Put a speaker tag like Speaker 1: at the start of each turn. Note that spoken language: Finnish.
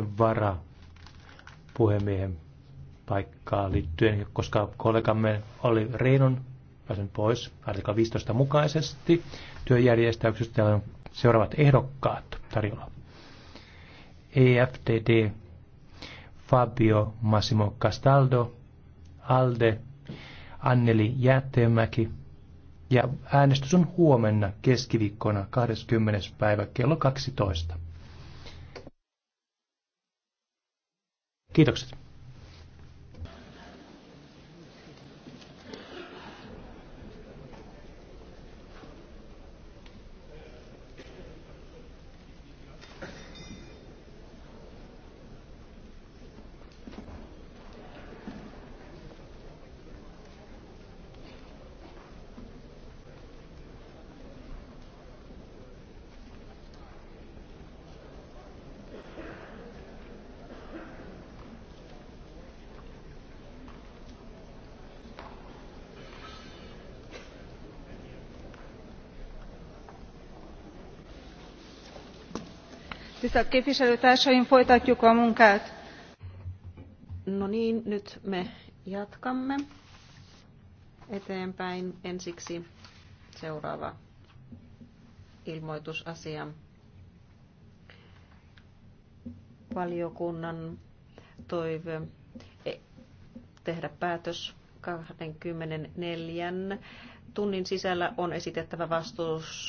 Speaker 1: vara puhemiehen paikkaa liittyen, koska kollegamme oli Reinon pääsen pois artikla 15 mukaisesti työjärjestäyksestä on seuraavat ehdokkaat tarjolla. EFTD, Fabio Massimo Castaldo, Alde, Anneli Jäätteenmäki ja äänestys on huomenna keskiviikkona 20. päivä kello 12. Kiitokset.
Speaker 2: tisztelt képviselőtársaim folytatjuk a munkát. no niin nyt me
Speaker 3: jatkamme eteenpäin ensiksi seuraava ilmoitusasia valiokunnan toive e- tehdä päätös 24 tunnin sisällä on esitettävä vastuus